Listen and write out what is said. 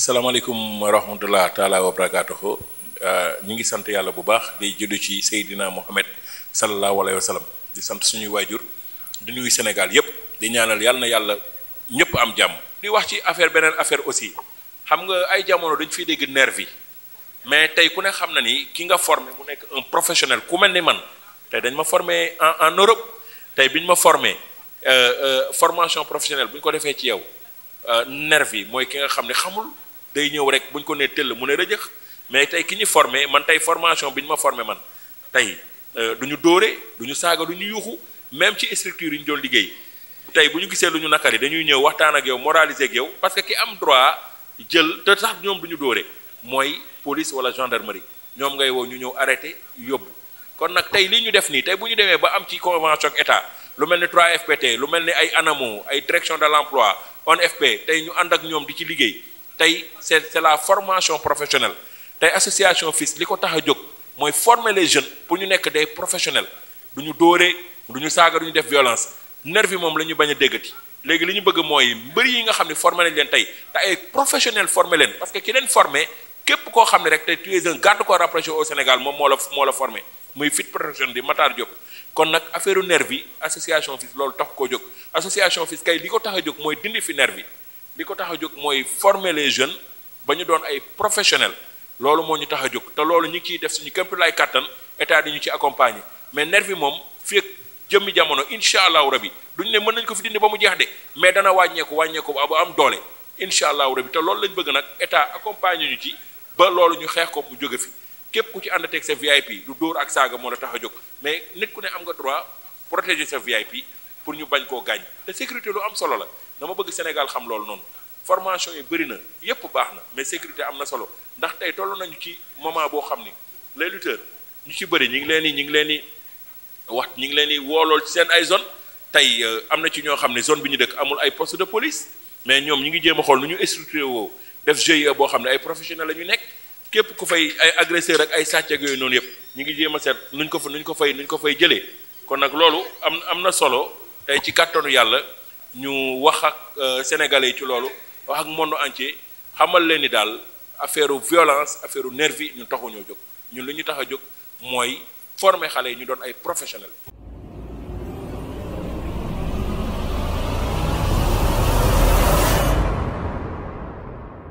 salaamaaleykum wa rahmatullah taala wa barakaatuhu euh, ñu ngi sant yàlla bu baax di juddu ci Seydina Mohamed sallallahu alayhi wa sallam di sant suñuy waajur du nuyu Sénégal yépp di ñaanal yàlla na yàlla ñépp am jàmm di wax ci affaire beneen affaire aussi xam nga ay jamono dañ fiy dégg nervi mais tey ku ne xam na ni ki nga forme mu nekk un professionnel ku mel ni man tey dañ ma formé en en Europe tey bi ñu ma formé euh, euh, formation professionnelle bu ñu ko defee ci yow xam ne xamul day ñëw rek bu ñu ko nee tëll mu ne rëjëx mais tey ki ñu formé man tey formation bi ñu ma formé man tey euh, du ñu dóore du ñu saaga du ñu yuuxu même ci structure yu ñu doon liggéey tey bu ñu gisee lu ñu nakari dañuy ñëw waxtaan ak yow moraliser yow parce que ki am droit jël te sax ñoom du ñu dóore mooy police wala gendarmerie ñoom ngay woo ñu ñëw arrêté yóbbu kon nag tey lii ñu def nii tey bu ñu demee ba am ci convention ak état lu mel ni 3FPT lu mel ni ay ANAMO ay direction de l' emploi ONFP tey ñu ànd ak ñoom di ci liggéey tey c'est c'est la formation professionnelle tey association FILS li ko tax a jóg mooy former les jeunes pour ñu nekk des professionnels du ñu dóoree du ñu saaga du ñu def violence nervi moom la ñu bañ a déggati léegi li ñu bëgg mooy mbër yi nga xam ne formé nañ leen tey te ay professionnels formé leen parce que ki leen formé képp koo xam ne rek tey tu es un garde corps rapproché au Sénégal moom moo la moo formé muy fit professionnel di Matar Diop kon nag affaire nervi association FILS loolu tax koo jóg association FILS kay li ko tax a jóg mooy dindi fi li ko tax a jóg mooy former les jeunes ba ñu doon ay professionnels loolu moo ñu tax a jóg te loolu ñu ngi ciy def suñu képp laay kàttan état di ñu ci accompagner mais nervi moom fii jëmmi jamono incha allahu rabi duñ ne mën nañ ko fi dindi ba mu jeex de mais dana wàññeeku wàññeeku ba am doole incha allahu rabi te loolu lañ bëgg nag état accompagner ñu ci ba loolu ñu xeex ko mu jóge fi képp ku ci ànd teg sa VIP du dóor ak saaga moo la tax a jóg mais nit ku ne nga droit protéger sa VIP pour ñu bañ koo gaañ sécurité lu am solo la. dama bëgg Sénégal xam loolu noonu formation yi bëri na yépp baax na mais sécurité am na solo ndax tey toll nañu ci moment boo xam ni les lutteurs ñu ci bëri ñu ngi leen nii ñu ngi leen di wax ñu ngi leen di woolool ci seen ay zone tey euh, am na ci ñoo xam ne zone bi ñu dëkk amul ay poste de police mais ñoom ñu ngi jéem a xool nu ñu structuré woo def GIE boo xam ne ay professionnels la ñu nekk képp ku fay ay agresseur ak ay sàcc ak yooyu noonu yëpp ñu ngi jéem a seet nuñ ko fa nuñ ko fay nuñ ko fay jëlee kon nag loolu am am na solo tey ci kàttanu yàlla. ñu wax ak euh, sénégalais yi ci loolu waxak ak monde xamal leen ni daal affaire violence affaire nervi ñun taxuñoo jóg ñun lu ñu tax a jóg mooy former xale yi ñu doon ay professionnels.